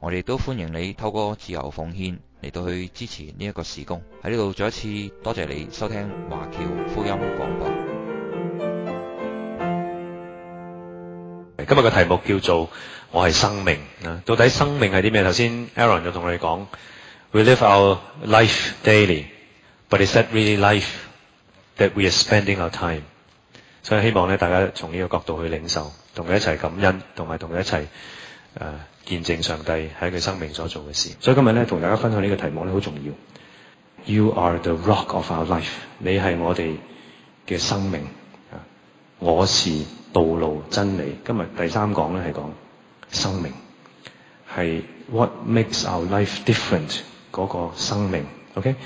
我哋都歡迎你透過自由奉獻嚟到去支持呢一個事工。喺呢度再一次多謝你收聽華僑福音廣播。今日嘅題目叫做“我係生命”。到底生命係啲咩？頭先 Aaron 就同我哋講：We live our life daily, but is that really life that we are spending our time？所以希望咧，大家從呢個角度去領受，同佢一齊感恩，同埋同佢一齊誒。見證上帝係佢生命所做嘅事，所以今日咧同大家分享呢個題目咧好重要。You are the rock of our life，你係我哋嘅生命。我是道路真理。今日第三講咧係講生命，係 What makes our life different 嗰個生命。OK，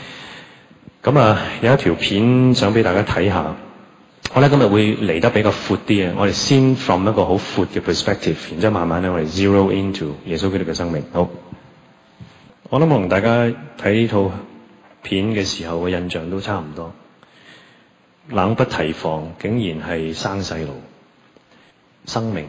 咁啊有一條片想俾大家睇下。我咧，今日會嚟得比較闊啲啊！我哋先從一個好闊嘅 perspective，然之後慢慢咧我哋 zero into 耶穌基督嘅生命。好，我諗同大家睇呢套片嘅時候嘅印象都差唔多。冷不提防竟然係生細路，生命。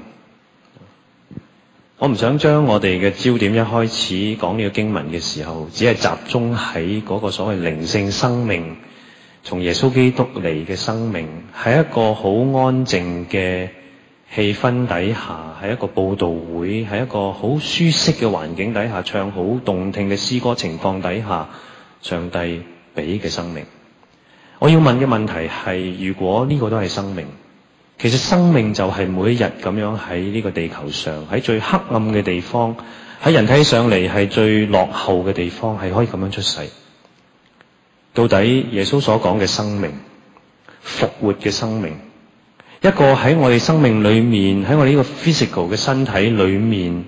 我唔想將我哋嘅焦點一開始講呢個經文嘅時候，只係集中喺嗰個所謂靈性生命，從耶穌基督嚟嘅生命，喺一個好安靜嘅氣氛底下，喺一個布道會，喺一個好舒適嘅環境底下，唱好動聽嘅詩歌情況底下，上帝俾嘅生命。我要問嘅問題係：如果呢個都係生命，其實生命就係每一日咁樣喺呢個地球上，喺最黑暗嘅地方，喺人體上嚟係最落後嘅地方，係可以咁樣出世。到底耶穌所講嘅生命，復活嘅生命，一個喺我哋生命裏面，喺我哋呢個 physical 嘅身體裏面，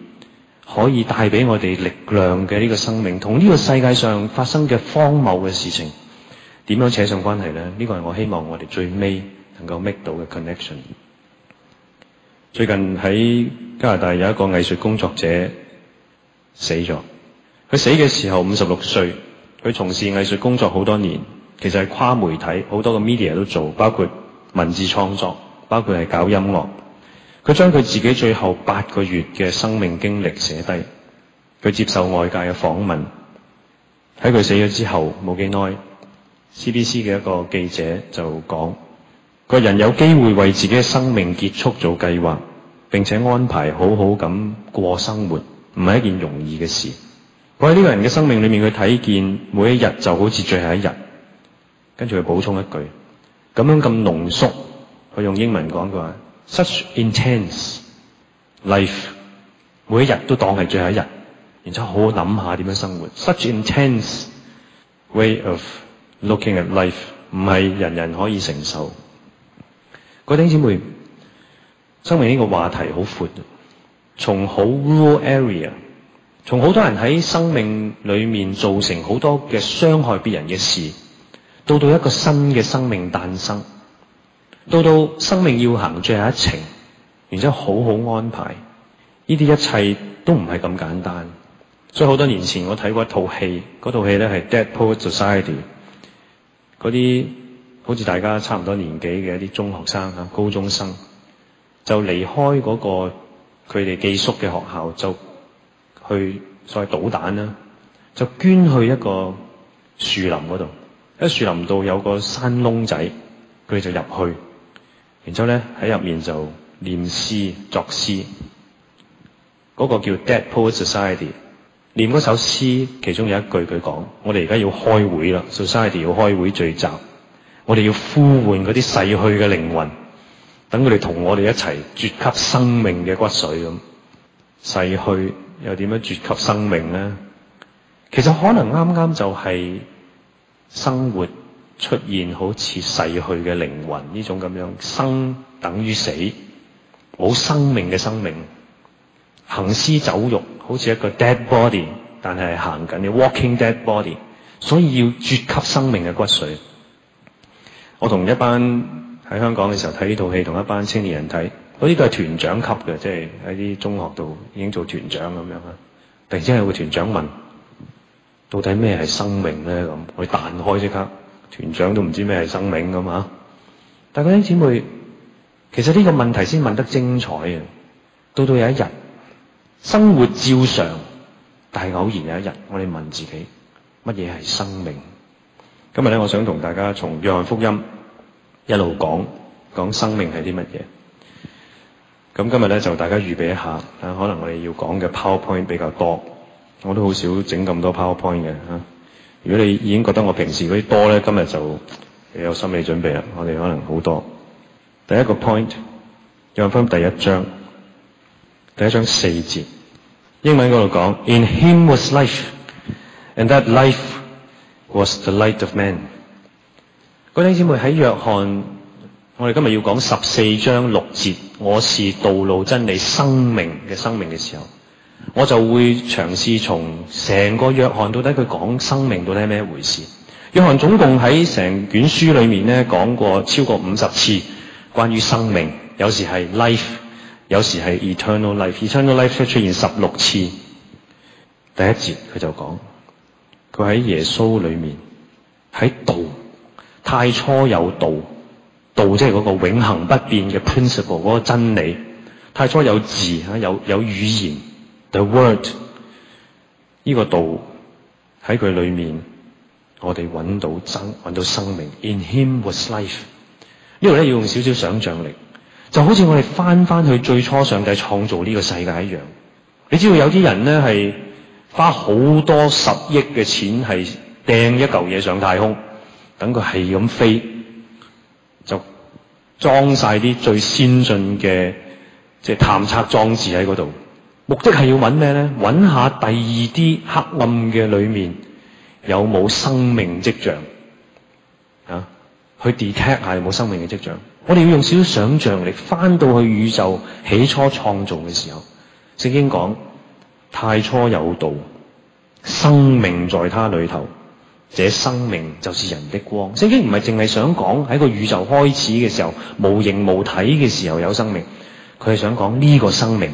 可以帶俾我哋力量嘅呢個生命，同呢個世界上發生嘅荒謬嘅事情，點樣扯上關係咧？呢個係我希望我哋最尾能夠 make 到嘅 connection。最近喺加拿大有一個藝術工作者死咗，佢死嘅時候五十六歲。佢從事藝術工作好多年，其實係跨媒體，好多個 media 都做，包括文字創作，包括係搞音樂。佢將佢自己最後八個月嘅生命經歷寫低。佢接受外界嘅訪問，喺佢死咗之後冇幾耐，CBC 嘅一個記者就講：「個人有機會為自己嘅生命結束做計劃，並且安排好好咁過生活，唔係一件容易嘅事。」我喺呢個人嘅生命裏面去睇見，每一日就好似最後一日。跟住佢補充一句咁樣咁濃縮，佢用英文講嘅話，such intense life，每一日都當係最後一日，然之後好好諗下點樣生活。Such intense way of looking at life，唔係人人可以承受。各位弟兄姊妹，生命呢個話題好闊，從好 rural area。從好多人喺生命裏面造成好多嘅傷害別人嘅事，到到一個新嘅生命誕生，到到生命要行最後一程，然之後好好安排，呢啲一切都唔係咁簡單。所以好多年前我睇過一套戲，嗰套戲咧係《Dead Poets Society》，嗰啲好似大家差唔多年紀嘅一啲中學生啊、高中生，就離開嗰個佢哋寄宿嘅學校就。去所謂導彈啦，就捐去一個樹林嗰度。喺樹林度有個山窿仔，佢哋就入去，然之後咧喺入面就念詩作詩。嗰、那個叫 Dead Poets Society 念嗰首詩，其中有一句佢講：我哋而家要開會啦，Society 要開會聚集，我哋要呼喚嗰啲逝去嘅靈魂，等佢哋同我哋一齊絕吸生命嘅骨髓咁，逝去。又點樣絕及生命咧？其實可能啱啱就係生活出現好似逝去嘅靈魂呢種咁樣，生等於死，冇生命嘅生命，行屍走肉，好似一個 dead body，但係行緊嘅 walking dead body，所以要絕及生命嘅骨髓。我同一班喺香港嘅時候睇呢套戲，同一班青年人睇。我呢都係團長級嘅，即係喺啲中學度已經做團長咁樣啦。突然之間有個團長問：到底咩係生命咧？咁佢彈開即刻，團長都唔知咩係生命咁啊！但係嗰啲姊妹，其實呢個問題先問得精彩啊！到到有一日，生活照常，但係偶然有一日，我哋問自己：乜嘢係生命？今日咧，我想同大家從約翰福音一路講講生命係啲乜嘢。咁今日咧就大家預備一下，可能我哋要講嘅 PowerPoint 比較多，我都好少整咁多 PowerPoint 嘅嚇、啊。如果你已經覺得我平時嗰啲多咧，今日就有心理準備啦。我哋可能好多。第一個 point，讓翻第一章，第一章四節，英文嗰度講：In Him was life，and that life was the light of man。各位姊妹喺約翰。我哋今日要講十四章六節，我是道路、真理、生命嘅生命嘅時候，我就會嘗試從成個約翰到底佢講生命到底係咩一回事？約翰總共喺成卷書裏面咧講過超過五十次關於生命，有時係 life，有時係 eternal life eternal life，eternal life 咧出現十六次。第一節佢就講佢喺耶穌裏面喺道，太初有道。道即係個永恒不變嘅 principle，個真理。太初有字吓，有有語言，the word。呢個道喺佢裏面，我哋搵到真，搵到生命。In him was life 呢。呢度咧要用少少想象力，就好似我哋翻翻去最初上帝創造呢個世界一樣。你知道有啲人咧係花好多十億嘅錢係掟一舊嘢上太空，等佢係咁飛。裝晒啲最先進嘅即係探測裝置喺嗰度，目的係要揾咩咧？揾下第二啲黑暗嘅裏面有冇生命跡象啊？去 detect 下有冇生命嘅跡象。我哋要用少少想象力，翻到去宇宙起初創造嘅時候，聖經講太初有道，生命在他裏頭。這生命就是人的光，聖經唔係淨係想講喺個宇宙開始嘅時候，無形無體嘅時候有生命，佢係想講呢個生命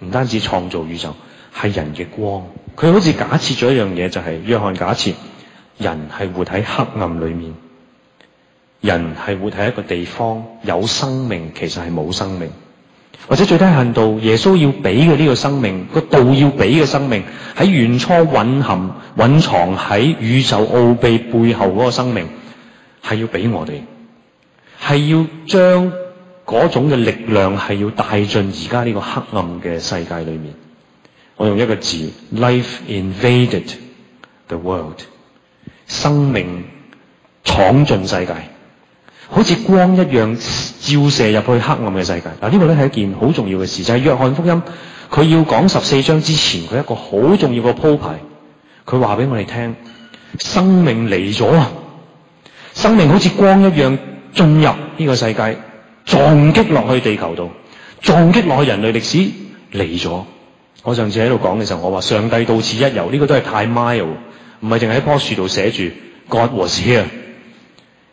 唔單止創造宇宙，係人嘅光，佢好似假設咗一樣嘢，就係、是、約翰假設人係活喺黑暗裏面，人係活喺一個地方有生，有生命，其實係冇生命。或者最低限度，耶穌要俾嘅呢個生命，個道要俾嘅生命，喺原初蘊含、蘊藏喺宇宙奧秘背後嗰個生命，係要俾我哋，係要將嗰種嘅力量，係要帶進而家呢個黑暗嘅世界裏面。我用一個字，life invaded the world，生命闖進世界。好似光一樣照射入去黑暗嘅世界，嗱呢個咧係一件好重要嘅事，就係約翰福音佢要講十四章之前，佢一個好重要嘅鋪排，佢話俾我哋聽，生命嚟咗，生命好似光一樣進入呢個世界，撞擊落去地球度，撞擊落去人類歷史嚟咗。我上次喺度講嘅時候，我話上帝到此一遊，呢、這個都係太 mild，唔係淨係喺樖樹度寫住 God was here 啊。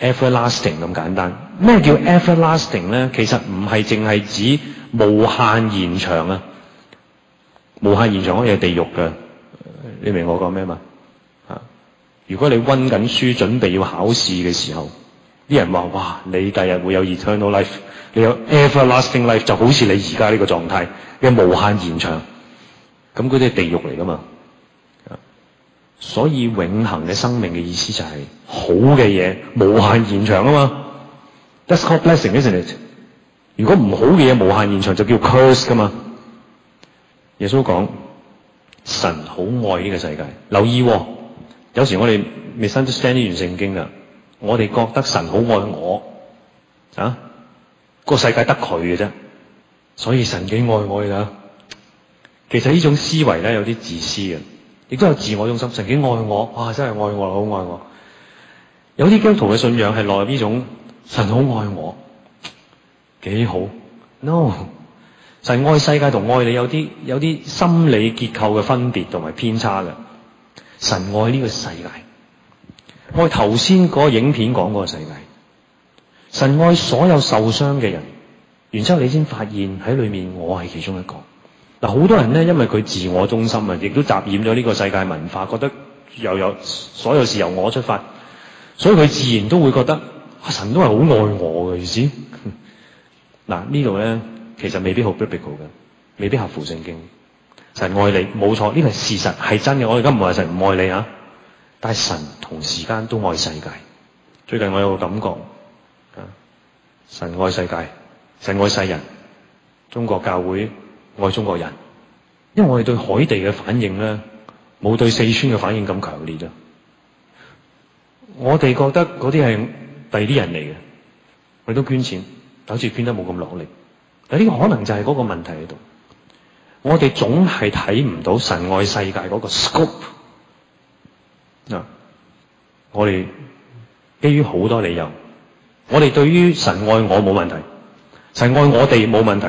Everlasting 咁簡單，咩叫 everlasting 咧？其實唔係淨係指無限延長啊，無限延長可以係地獄噶。你明我講咩嘛？嚇！如果你温緊書準備要考試嘅時候，啲人話，哇，你第日會有 eternal life，你有 everlasting life，就好似你而家呢個狀態嘅無限延長，咁嗰啲係地獄嚟噶嘛？所以永恒嘅生命嘅意思就係、是、好嘅嘢無限延長啊嘛。That's called blessing, isn't it？如果唔好嘅嘢無限延長就叫 curse 噶嘛。耶穌講神好愛呢個世界，留意、哦。有時我哋未 study study 呢完聖經啊，我哋覺得神好愛我啊，個世界得佢嘅啫，所以神幾愛我嘅、啊、其實呢種思維咧有啲自私嘅。亦都有自我中心，曾經愛我，啊，真係愛我，好愛我。有啲基督徒嘅信仰係落入呢種神好愛我，幾好。No，神愛世界同愛你有啲有啲心理結構嘅分別同埋偏差嘅。神愛呢個世界，愛頭先嗰個影片講個世界。神愛所有受傷嘅人，然之後你先發現喺裏面我係其中一個。嗱，好多人咧，因為佢自我中心啊，亦都習染咗呢個世界文化，覺得又有所有事由我出發，所以佢自然都會覺得阿、啊、神都係好愛我嘅意思。嗱， 啊、呢度咧其實未必好 biblical 嘅，未必合乎聖經。神愛你，冇錯，呢個事實係真嘅。我而家唔係神唔愛你啊，但係神同時間都愛世界。最近我有個感覺啊，神愛世界，神愛世人，中國教會，愛中國人，因為我哋對海地嘅反應咧，冇對四川嘅反應咁強烈啊！我哋覺得嗰啲係第二啲人嚟嘅，我哋都捐錢，但好似捐得冇咁落力。但呢個可能就係嗰個問題喺度，我哋總係睇唔到神愛世界嗰個 scope。嗱，我哋基於好多理由，我哋對於神愛我冇問題，神愛我哋冇問題。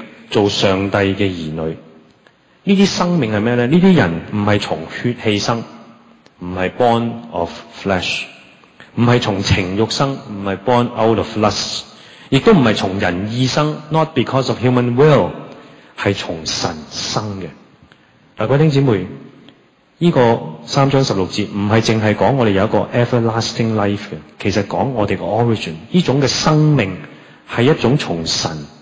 做上帝嘅兒女，呢啲生命係咩咧？呢啲人唔係從血氣生，唔係 born of flesh，唔係從情慾生，唔係 born out of lust，亦都唔係從人意生，not because of human will，係從神生嘅。嗱，各位兄姊妹，呢、這個三章十六節唔係淨係講我哋有一個 everlasting life 嘅，其實講我哋個 origin，呢種嘅生命係一種從神。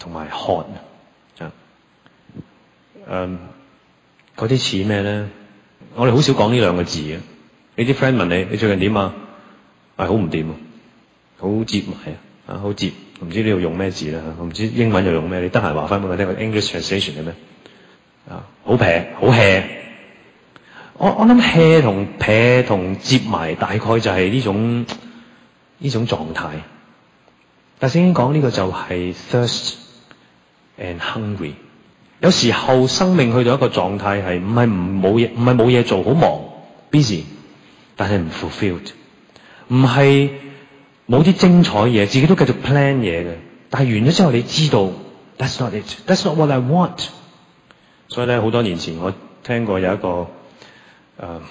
同埋寒啊，嗯，嗰啲似咩咧？我哋好少講呢兩個字嘅。你啲 friend 問你：你最近點啊？係好唔掂，好折、啊、埋啊，好、啊、折。唔知呢度用咩字咧？我、啊、唔知英文又用咩？你得閒話翻俾我聽個 English translation 係咩？啊，好撇，好 hea 我我諗 hea 同撇同折埋，大概就係呢種呢種狀態。但先講呢個就係 thirst and hungry。有時候生命去到一個狀態係唔係唔冇嘢，唔係冇嘢做，好忙 busy，但係唔 fulfilled，唔係冇啲精彩嘢，自己都繼續 plan 嘢嘅。但係完咗之後，你知道 that's not it，that's not what I want。所以咧，好多年前我聽過有一個誒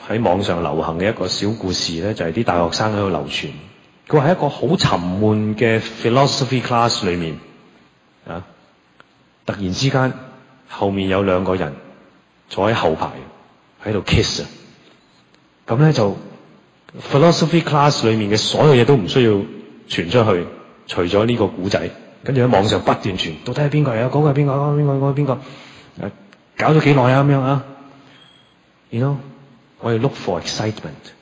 喺網上流行嘅一個小故事咧，就係啲大學生喺度流傳。佢話喺一個好沉悶嘅 philosophy class 裏面啊。突然之間，後面有兩個人坐喺後排，喺度 kiss 啊！咁咧就 philosophy class 裏面嘅所有嘢都唔需要傳出去，除咗呢個古仔，跟住喺網上不斷傳，到底係邊個啊？嗰個係邊個？嗰個邊個？嗰個邊個？搞咗幾耐啊？咁樣啊？You know，我哋 look for excitement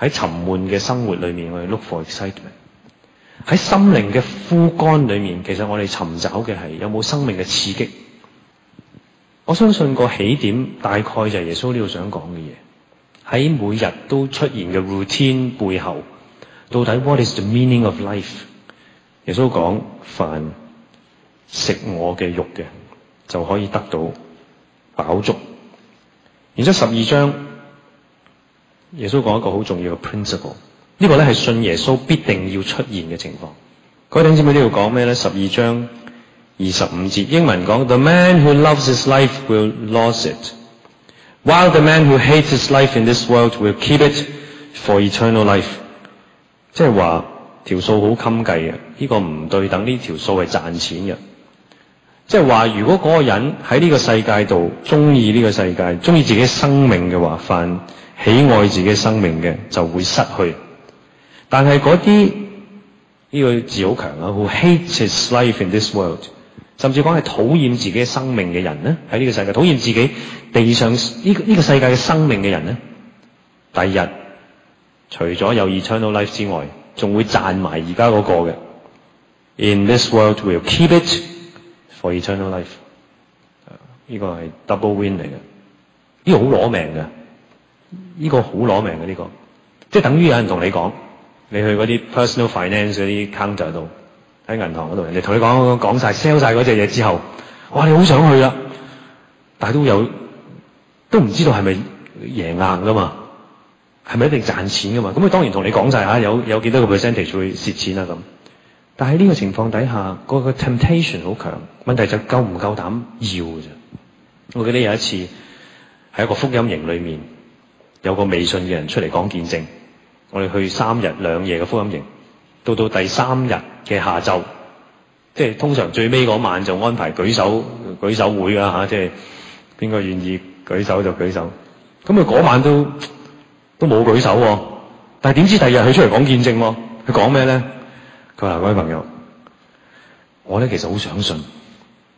喺沉悶嘅生活裏面，我哋 look for excitement。喺心靈嘅枯乾裏面，其實我哋尋找嘅係有冇生命嘅刺激。我相信個起點大概就係耶穌呢度想講嘅嘢。喺每日都出現嘅 routine 背後，到底 what is the meaning of life？耶穌講，凡食我嘅肉嘅就可以得到飽足。然之後十二章，耶穌講一個好重要嘅 principle。個呢個咧，係信耶穌必定要出現嘅情況。各位知唔知呢度講咩咧？十二章二十五節，英文講：The man who loves his life will lose it；while the man who hates his life in this world will keep it for eternal life 即。即係話條數好襟計啊！呢、呢個唔對等，呢條數係賺錢嘅。即係話，如果嗰個人喺呢個世界度中意呢個世界，中意自己生命嘅話，凡喜愛自己生命嘅，就會失去。但係嗰啲呢個字好強啊 who hates his life in this world，甚至講係討厭自己嘅生命嘅人咧，喺呢個世界討厭自己地上呢呢、這個這個世界嘅生命嘅人咧，第日，日除咗有 eternal life 之外，仲會賺埋而家嗰個嘅。In this world will keep it for eternal life。呢、這個係 double win 嚟嘅，呢、這個好攞命嘅，呢個好攞命嘅呢個，即係等於有人同你講。你去嗰啲 personal finance 嗰啲 counter 度，喺銀行嗰度，人哋同你講講晒 sell 晒嗰隻嘢之後，哇！你好想去是是是是啊，但係都有都唔知道係咪贏硬噶嘛，係咪一定賺錢噶嘛？咁佢當然同你講晒吓有有幾多個 percentage 會蝕錢啦咁。但係呢個情況底下，嗰個 temptation 好強，問題就夠唔夠膽要嘅啫。我記得有一次喺一個福音營裏面，有個未信嘅人出嚟講見證。我哋去三日兩夜嘅福音營，到到第三日嘅下晝，即係通常最尾嗰晚就安排舉手舉手會噶、啊、吓，即係邊個願意舉手就舉手。咁佢嗰晚都都冇舉手、啊，但係點知第二日佢出嚟講見證、啊，佢講咩咧？佢話各位朋友，我咧其實好相信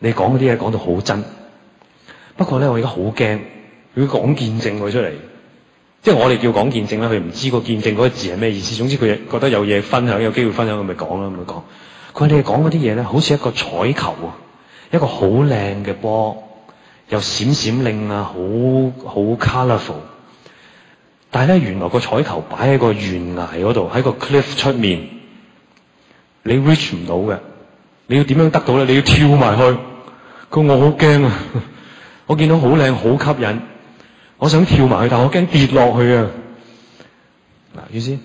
你講嗰啲嘢講到好真，不過咧我而家好驚佢講見證佢出嚟。即係我哋叫講見證啦，佢唔知個見證嗰個字係咩意思。總之佢覺得有嘢分享，有機會分享，咁咪講啦。咁咪講。佢話你哋講嗰啲嘢咧，好似一個綵球啊，一個好靚嘅波，又閃閃令啊，好好 colourful。Ful, 但係咧，原來個綵球擺喺個懸崖嗰度，喺個 cliff 出面，你 reach 唔到嘅。你要點樣得到咧？你要跳埋去。佢話我好驚啊！ 我見到好靚，好吸引。我想跳埋去，但我驚跌落去啊！嗱，於是，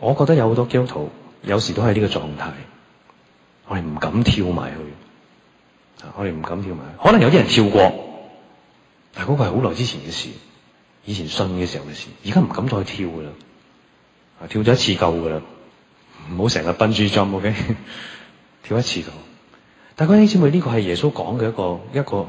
我覺得有好多基督徒有時都係呢個狀態，我哋唔敢跳埋去，我哋唔敢跳埋去。可能有啲人跳過，但係嗰個係好耐之前嘅事，以前信嘅時候嘅事，而家唔敢再跳噶啦，跳咗一次夠噶啦，唔好成日奔豬針，OK？跳一次夠，但係各位姊妹呢，呢個係耶穌講嘅一個一個。一個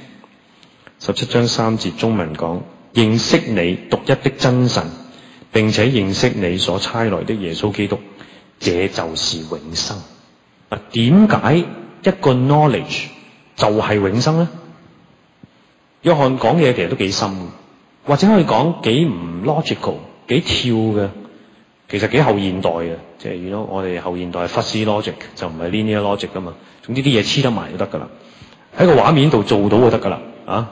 十七章三節中文講，認識你獨一的真神，並且認識你所差來的耶穌基督，這就是永生。啊，點解一個 knowledge 就係永生咧？約翰講嘢其實都幾深，或者可以講幾唔 logical，幾跳嘅，其實幾後現代嘅。即係如果我哋後現代，非線 logic 就唔係 linear logic 噶嘛。總之啲嘢黐得埋就得噶啦，喺個畫面度做到就得噶啦啊！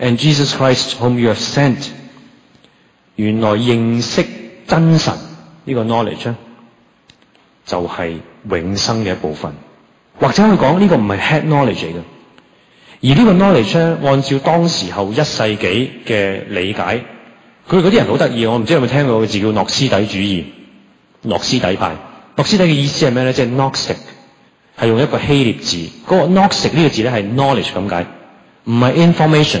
And Jesus Christ whom you have sent，原來認識真神呢個 knowledge 咧，就係永生嘅一部分，或者可以講呢個唔係 head knowledge 嚟嘅，而呢個 knowledge 咧，按照當時候一世紀嘅理解，佢哋嗰啲人好得意，我唔知有冇聽過個字叫諾斯底主義、諾斯底派、諾斯底嘅意思係咩咧？即係 noxic 係用一個希臘字，嗰個 noxic 呢個字咧係 knowledge 咁解，唔係 information。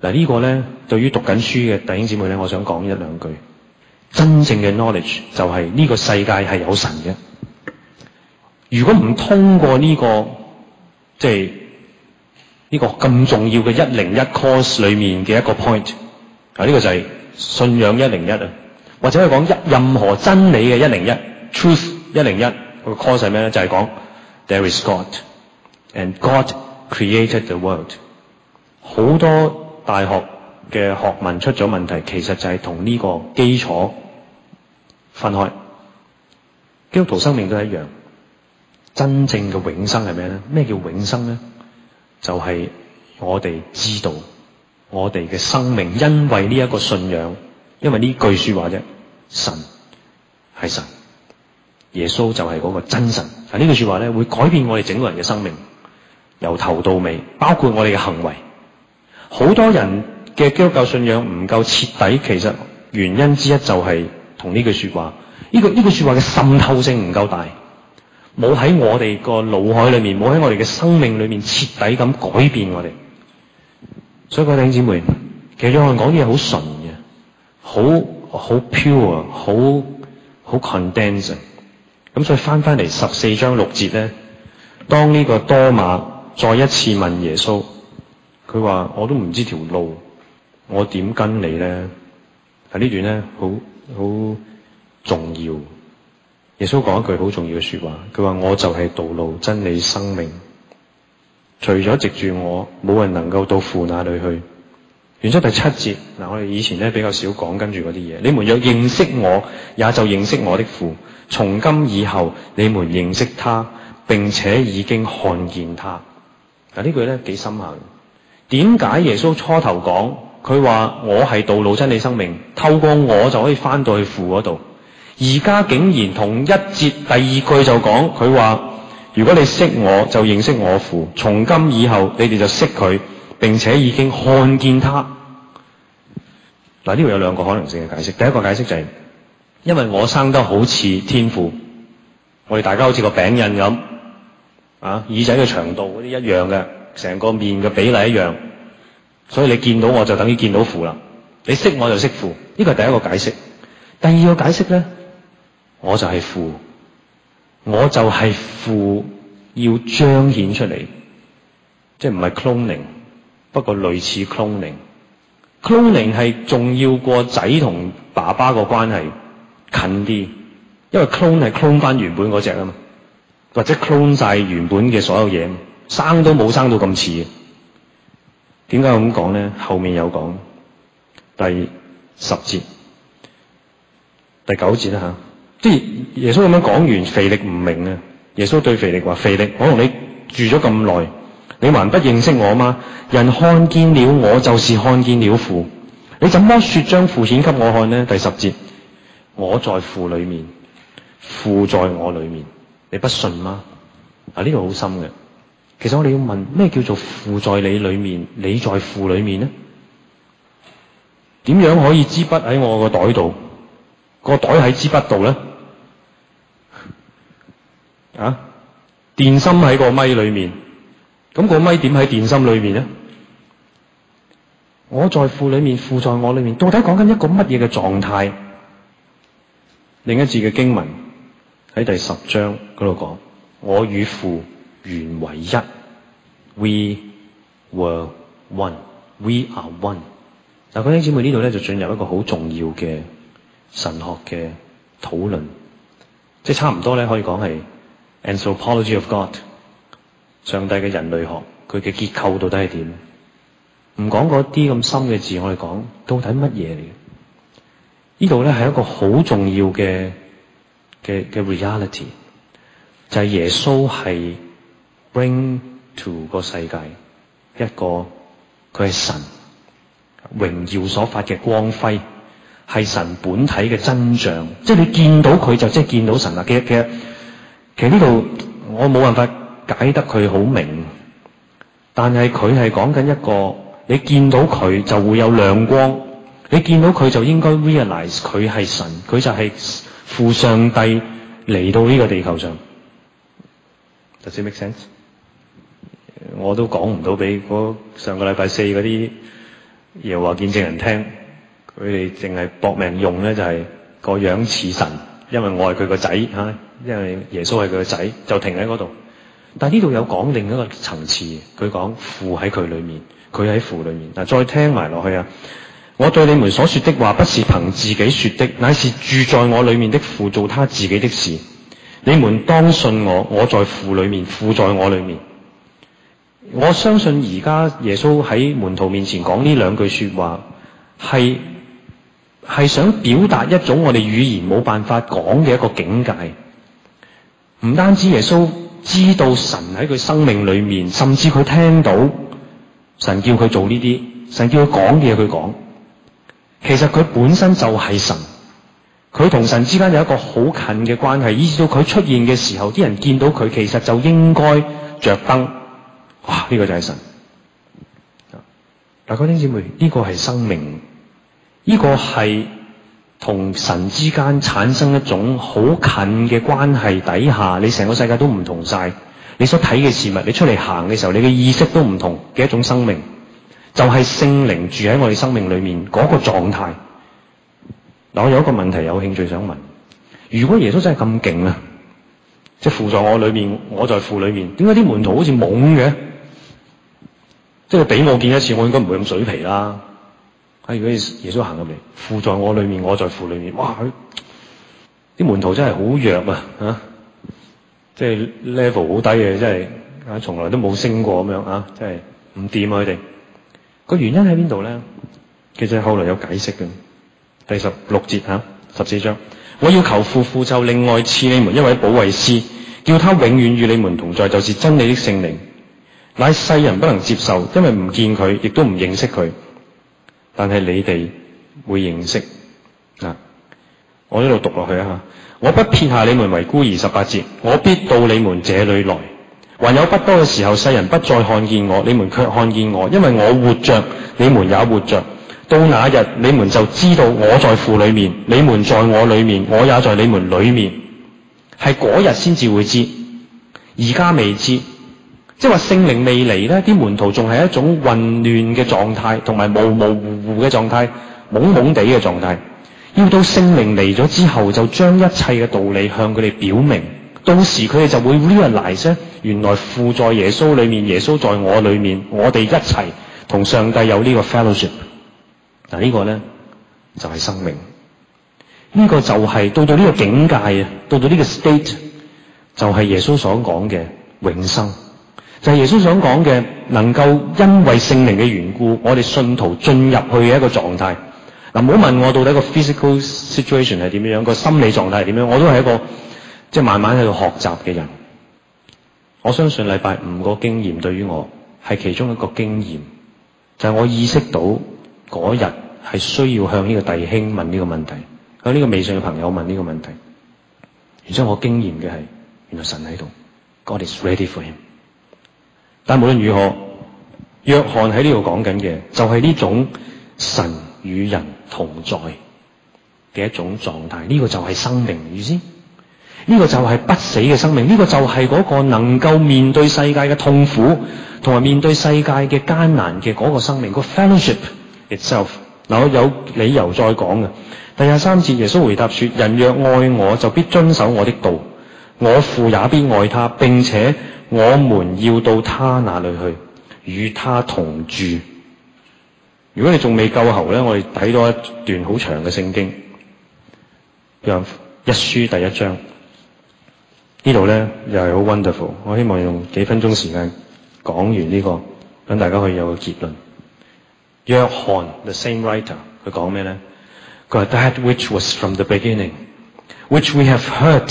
嗱呢個咧，對於讀緊書嘅弟兄姊妹咧，我想講一兩句。真正嘅 knowledge 就係、是、呢、這個世界係有神嘅。如果唔通過呢、這個，即係呢個咁重要嘅一零一 course 裏面嘅一個 point，啊、呢、這個就係信仰一零一啊，或者係講一任何真理嘅一零一 truth。一零一個 course 係咩咧？就係、是、講 There is God, and God created the world，好多。大學嘅學問出咗問題，其實就係同呢個基礎分開。基督徒生命都一樣，真正嘅永生係咩咧？咩叫永生咧？就係、是、我哋知道，我哋嘅生命因為呢一個信仰，因為呢句說話啫。神係神，耶穌就係嗰個真神。啊，呢句說話咧會改變我哋整個人嘅生命，由頭到尾，包括我哋嘅行為。好多人嘅基督教信仰唔夠徹底，其實原因之一就係同呢句話、這個這個、說話，呢個呢句說話嘅滲透性唔夠大，冇喺我哋個腦海裏面，冇喺我哋嘅生命裏面徹底咁改變我哋。所以各位弟兄姊妹，其實約翰講嘢好純嘅，好好 pure 好好 condensing。咁所以翻翻嚟，十四章六節咧，當呢個多馬再一次問耶穌。佢話我都唔知條路，我點跟你咧？喺呢段咧，好好重要。耶穌講一句好重要嘅說話，佢話我就係道路、真理、生命。除咗藉住我，冇人能夠到父那裏去。完咗第七節嗱，我哋以前咧比較少講跟住嗰啲嘢。你們若認識我，也就認識我的父。從今以後，你們認識他，並且已經看見他。嗱，呢句咧幾深刻。點解耶穌初頭講佢話，我係道路、真理、生命，透過我就可以翻到去父嗰度。而家竟然同一節第二句就講佢話：如果你識我就認識我父，從今以後你哋就識佢，並且已經看見他。嗱，呢度有兩個可能性嘅解釋。第一個解釋就係因為我生得好似天父，我哋大家好似個餅印咁啊，耳仔嘅長度嗰啲一樣嘅。成個面嘅比例一樣，所以你見到我就等於見到父啦。你識我就識父，呢個係第一個解釋。第二個解釋咧，我就係父，我就係父要彰顯出嚟，即係唔係 cloning，不過類似 cloning。cloning 係仲要過仔同爸爸個關係近啲，因為 clone 係 clone 翻原本嗰隻啊嘛，或者 clone 晒原本嘅所有嘢。生都冇生到咁似嘅，點解咁講咧？後面有講，第十節第九節啦吓，即、啊、係耶穌咁樣講完，腓力唔明啊！耶穌對腓力話：腓力，我同你住咗咁耐，你還不認識我嗎？人看見了我，就是看見了父。你怎麼說將父顯給我看呢？第十節，我在父裏面，父在我裏面，你不信嗎？啊，呢、這個好深嘅。其實我哋要問咩叫做父在你裏面，你在父裏面呢？點樣可以支筆喺我個袋度，個袋喺支筆度咧？啊，電芯喺個咪裏面，咁個咪點喺電芯裏面咧？我在父裏面，父在我裏面，到底講緊一個乜嘢嘅狀態？另一節嘅經文喺第十章嗰度講，我與父。原為一，We were one, We are one。嗯。嗱，弟兄姊妹呢度咧，就進入一個好重要嘅神學嘅討論，即係差唔多咧可以講係 Anthropology of God，上帝嘅人類學，佢嘅結構到底係點？唔講嗰啲咁深嘅字，我哋講到底乜嘢嚟嘅？呢度咧係一個好重要嘅嘅嘅 Reality，就係耶穌係。Bring to 個世界，一個佢係神榮耀所發嘅光輝，係神本體嘅真相，即係你見到佢就即係見到神啦。其實其實其實呢度我冇辦法解得佢好明，但係佢係講緊一個你見到佢就會有亮光，你見到佢就應該 realize 佢係神，佢就係父上帝嚟到呢個地球上，Does it make sense？我都講唔到俾上個禮拜四嗰啲耶和華見證人聽，佢哋淨係搏命用咧，就係個樣似神，因為我係佢個仔吓，因為耶穌係佢個仔，就停喺嗰度。但係呢度有講另一個層次，佢講父喺佢裏面，佢喺父裏面。但再聽埋落去啊！我對你們所說的話，不是憑自己說的，乃是住在我裏面的父做他自己的事。你們當信我，我在父裏面，父在我裏面。我相信而家耶穌喺門徒面前講呢兩句說話，係係想表達一種我哋語言冇辦法講嘅一個境界。唔單止耶穌知道神喺佢生命裏面，甚至佢聽到神叫佢做呢啲，神叫佢講嘅嘢佢講。其實佢本身就係神，佢同神之間有一個好近嘅關係，以至到佢出現嘅時候，啲人見到佢，其實就應該着燈。哇！呢、這個就係神，大家聽，姐妹，呢、這個係生命，呢、這個係同神之間產生一種好近嘅關係底下，你成個世界都唔同晒，你所睇嘅事物，你出嚟行嘅時候，你嘅意識都唔同嘅一種生命，就係、是、聖靈住喺我哋生命裏面嗰、那個狀態。嗱，我有一個問題有興趣想問：如果耶穌真係咁勁啊，即係父在我裏面，我在父裏面，點解啲門徒好似懵嘅？即係俾我見一次，我應該唔會咁水皮啦。係、哎、如果耶穌行入嚟，父在我裏面，我在父裏面。哇！啲門徒真係好弱啊，吓、啊！即係 level 好低嘅、啊，真係吓，從、啊、來都冇升過咁樣啊，真係唔掂啊！佢哋個原因喺邊度咧？其實後來有解釋嘅，第十六節吓十四章，我要求父，父就另外賜你們一位保惠師，叫他永遠與你們同在，就是真理的聖靈。乃世人不能接受，因為唔見佢，亦都唔認識佢。但係你哋會認識啊！我呢度讀落去啊！ 我不撇下你們為孤兒，十八節，我必到你們這裡來。還有不多嘅時候，世人不再看見我，你們卻看見我，因為我活着，你們也活着。到那日，你們就知道我在父裡面，你們在我裡面，我也在你們裡面。係嗰日先至會知，而家未知。即係話聖靈未嚟咧，啲門徒仲係一種混亂嘅狀態，同埋模模糊糊嘅狀態，懵懵地嘅狀態。要到聖靈嚟咗之後，就將一切嘅道理向佢哋表明。到時佢哋就會 realize，原來父在耶穌裏面，耶穌在我裏面，我哋一齊同上帝有個、這個、呢個 fellowship。嗱，呢個咧就係、是、生命，呢、這個就係、是、到到呢個境界，到到呢個 state，就係耶穌所講嘅永生。就係耶穌想講嘅，能夠因為聖靈嘅緣故，我哋信徒進入去嘅一個狀態。嗱，唔好問我到底個 physical situation 係點樣，個心理狀態係點樣，我都係一個即係慢慢喺度學習嘅人。我相信禮拜五個經驗對於我係其中一個經驗，就係我意識到嗰日係需要向呢個弟兄問呢個問題，向呢個微信嘅朋友問呢個問題。然之後我經驗嘅係，原來神喺度，God is ready for him。但無論如何，約翰喺呢度講緊嘅就係、是、呢種神與人同在嘅一種狀態，呢、這個就係生命意思，呢個就係不死嘅生命，呢、這個就係、這個、個能夠面對世界嘅痛苦同埋面對世界嘅艱難嘅個生命、那個 fellowship itself。嗱，我有理由再講嘅。第廿三節，耶穌回答說：人若愛我，就必遵守我的道。我父也必愛他，並且我們要到他那裡去，與他同住。如果你仲未夠喉咧，我哋睇多一段好長嘅聖經，約翰一書第一章呢度咧又係好 wonderful。我希望用幾分鐘時間講完呢、這個，等大家可以有個結論。約翰 the same writer 佢講咩咧？佢話 that which was from the beginning, which we have heard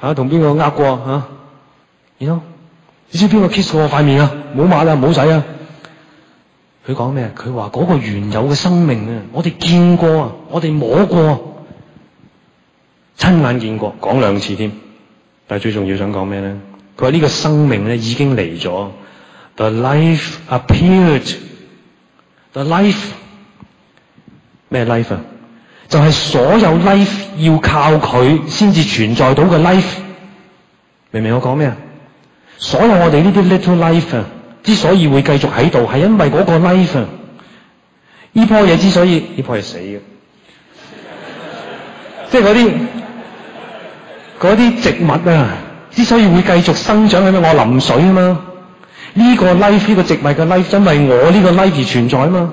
吓，同邊個呃過吓？然後你知邊個 kiss 過我塊面啊？唔好抹啦，唔好洗啊！佢講咩？佢話嗰個原有嘅生命啊，我哋見過啊，我哋摸過，親眼見過，講兩次添。但係最重要想講咩咧？佢話呢個生命咧已經嚟咗，the life appeared，the life 咩 life 啊？就係所有 life 要靠佢先至存在到嘅 life，明唔明我講咩啊？所有我哋呢啲 little life 啊，之所以會繼續喺度，係因爲嗰個 life 呢、啊、棵嘢之所以呢棵係死嘅，即係嗰啲啲植物啊，之所以會繼續生長，係因爲我淋水啊嘛。呢個 life 呢個植物嘅 life，因爲我呢個 life 而存在啊嘛。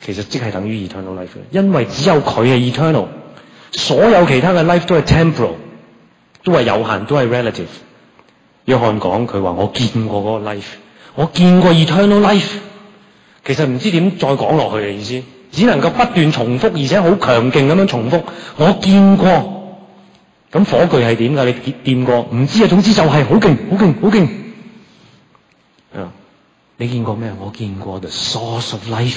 其實即係等於 eternal life，因為只有佢係 eternal，所有其他嘅 life 都係 temporal，都係有限，都係 relative。約翰講佢話我見過嗰個 life，我見過 eternal life。其實唔知點再講落去嘅意思，只能夠不斷重複，而且好強勁咁樣重複。我見過，咁火炬係點噶？你掂過唔知啊？總之就係好勁，好勁，好勁。啊，你見過咩？我見過 the source of life。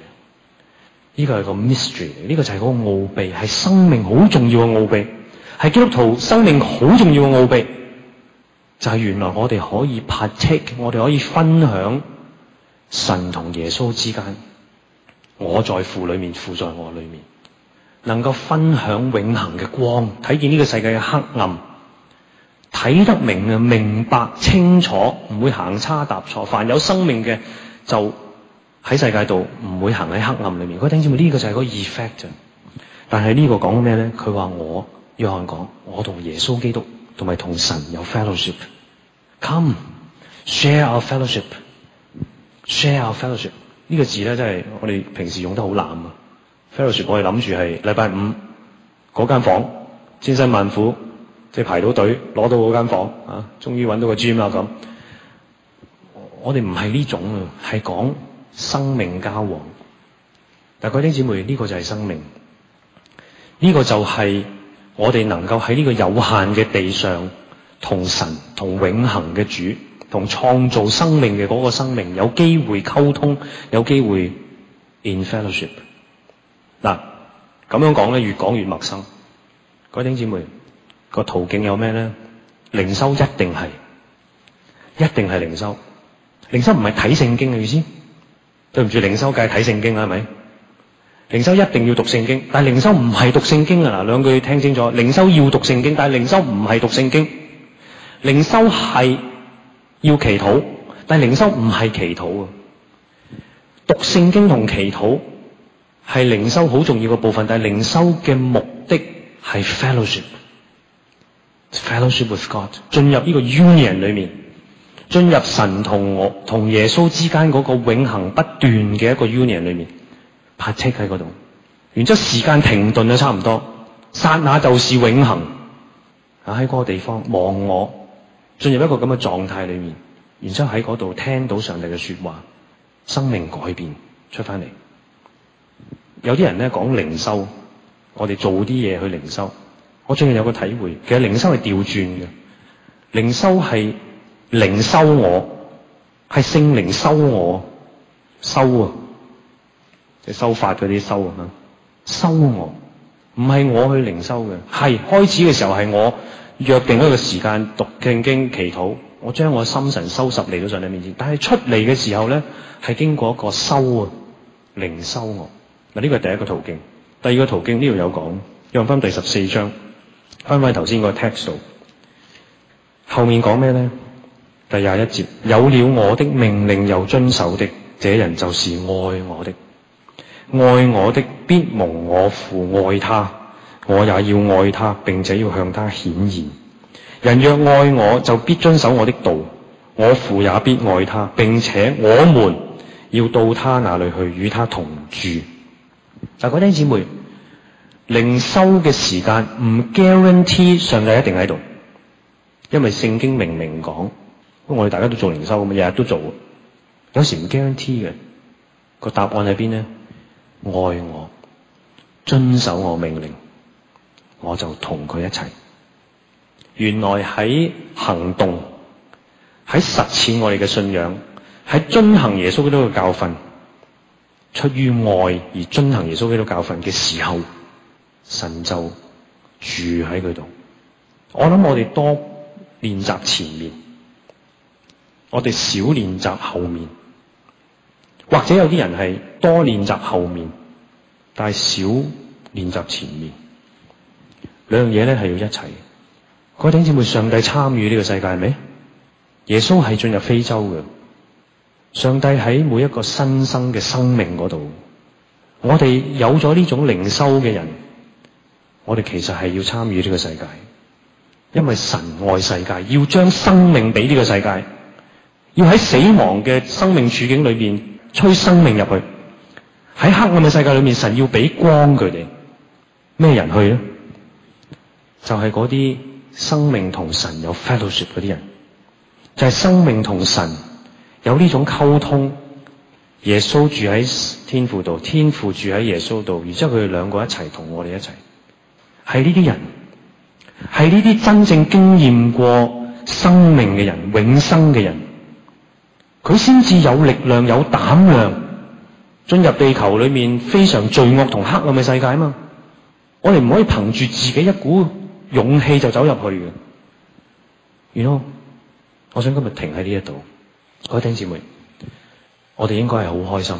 呢個係個 mystery，呢個就係嗰個奧秘，係生命好重要嘅奧秘，係基督徒生命好重要嘅奧秘，就係、是、原來我哋可以 partake，我哋可以分享神同耶穌之間，我在父裏面，父在我裏面，能夠分享永恒嘅光，睇見呢個世界嘅黑暗，睇得明啊，明白清楚，唔會行差踏錯，凡有生命嘅就。喺世界度唔會行喺黑暗裏面，各位聽知咪呢個就係個 effect。但係呢個講咩咧？佢話我，約翰講，我同耶穌基督同埋同神有 fellowship。Come, share our fellowship，share our fellowship。呢個字咧真係我哋平時用得好濫啊。fellowship 我哋諗住係禮拜五嗰間房千辛萬苦即係、就是、排到隊攞到嗰間房啊，終於揾到個 gym 啦咁。我哋唔係呢種啊，係講。生命交往，但各位弟兄姊妹，呢個就係生命，呢個就係我哋能夠喺呢個有限嘅地上，同神、同永恒嘅主、同創造生命嘅嗰個生命有機會溝通，有機會 in fellowship。嗱，咁樣講咧，越講越陌生。各位弟兄姊妹，個途徑有咩咧？靈修一定係，一定係靈修。靈修唔係睇聖經嘅意思。對唔住，靈修梗係睇聖經係咪？靈修一定要讀聖經，但係靈修唔係讀聖經啊！嗱，兩句聽清楚，靈修要讀聖經，但係靈修唔係讀聖經。靈修係要祈禱，但係靈修唔係祈禱啊。讀聖經同祈禱係靈修好重要嘅部分，但係靈修嘅目的係 fellowship，fellowship with God，進入呢個 union 裏面。進入神同我同耶穌之間嗰個永恒不斷嘅一個 union 裏面，泊車喺嗰度，然之後時間停頓咗差唔多，剎那就是永恆。啊，喺嗰個地方忘我，進入一個咁嘅狀態裏面，然之後喺嗰度聽到上帝嘅說話，生命改變出翻嚟。有啲人咧講靈修，我哋做啲嘢去靈修，我最近有個體會，其實靈修係調轉嘅，靈修係。靈修，我係聖靈修我，修啊，即係修法嗰啲修啊，咁樣修我，唔係我去靈修嘅。係開始嘅時候，係我約定一個時間讀經祈禱，我將我心神收拾嚟,到上帝面前，但係出嚟嘅時候咧，係經過一個修啊，靈修我。嗱，呢個係第一個途徑，第二個途徑呢度有講，用翻第十四章翻翻頭先個 text 度，後面講咩咧？第廿一節，有了我的命令又遵守的，這人就是愛我的。愛我的必蒙我父愛他，我也要愛他，並且要向他顯現。人若愛我，就必遵守我的道；我父也必愛他，並且我們要到他那裏去，與他同住。嗱，嗰啲姊妹，靈修嘅時間唔 guarantee 上帝一定喺度，因為聖經明明講。因為我哋大家都做靈修咁，日日都做，有時唔肯定嘅，個答案喺邊咧？愛我，遵守我命令，我就同佢一齊。原來喺行動，喺實踐我哋嘅信仰，喺遵行耶穌基督嘅教訓，出於愛而遵行耶穌基督教訓嘅時候，神就住喺佢度。我諗我哋多練習前面。我哋少練習後面，或者有啲人係多練習後面，但係少練習前面。兩樣嘢咧，係要一齊。各位弟兄姊妹，上帝參與呢個世界，咩耶穌係進入非洲嘅？上帝喺每一個新生嘅生命嗰度，我哋有咗呢種靈修嘅人，我哋其實係要參與呢個世界，因為神愛世界，要將生命俾呢個世界。要喺死亡嘅生命處境裏邊吹生命入去，喺黑暗嘅世界裏面，神要俾光佢哋咩？人去咧？就係嗰啲生命同神有 fellowship 啲人，就係生命同神有呢種溝通。耶穌住喺天父度，天父住喺耶穌度，然之後佢哋兩個一齊同我哋一齊係呢啲人，係呢啲真正經驗過生命嘅人，永生嘅人。佢先至有力量、有膽量進入地球裏面非常罪惡同黑暗嘅世界嘛？我哋唔可以憑住自己一股勇氣就走入去嘅。然後 you know，我想今日停喺呢一度，各位弟兄姊妹，我哋應該係好開心，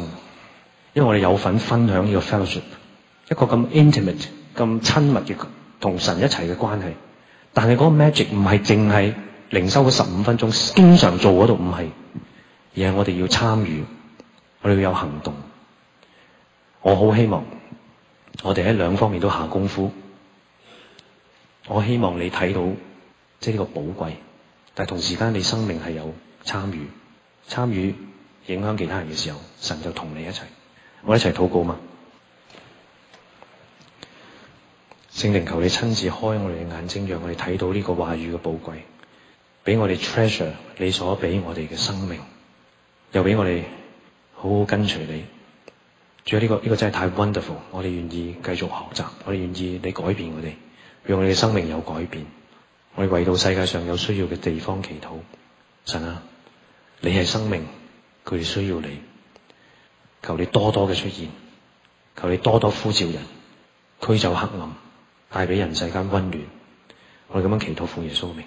因為我哋有份分享呢個 fellowship，一個咁 intimate、咁親密嘅同神一齊嘅關係。但係嗰個 magic 唔係淨係靈修嗰十五分鐘，經常做嗰度唔係。而係我哋要參與，我哋要有行動。我好希望我哋喺兩方面都下功夫。我希望你睇到即係呢個寶貴，但係同時間你生命係有參與，參與影響其他人嘅時候，神就同你一齊。我一齊禱告嘛，聖靈求你親自開我哋嘅眼睛，讓我哋睇到呢個話語嘅寶貴，俾我哋 treasure 你所俾我哋嘅生命。又俾我哋好好跟隨你，仲有呢個呢個真係太 wonderful，我哋願意繼續學習，我哋願意你改變我哋，讓你嘅生命有改變，我哋為到世界上有需要嘅地方祈禱，神啊，你係生命，佢哋需要你，求你多多嘅出現，求你多多呼召人，驅走黑暗，帶俾人世間溫暖，我哋咁樣祈禱，奉耶穌名。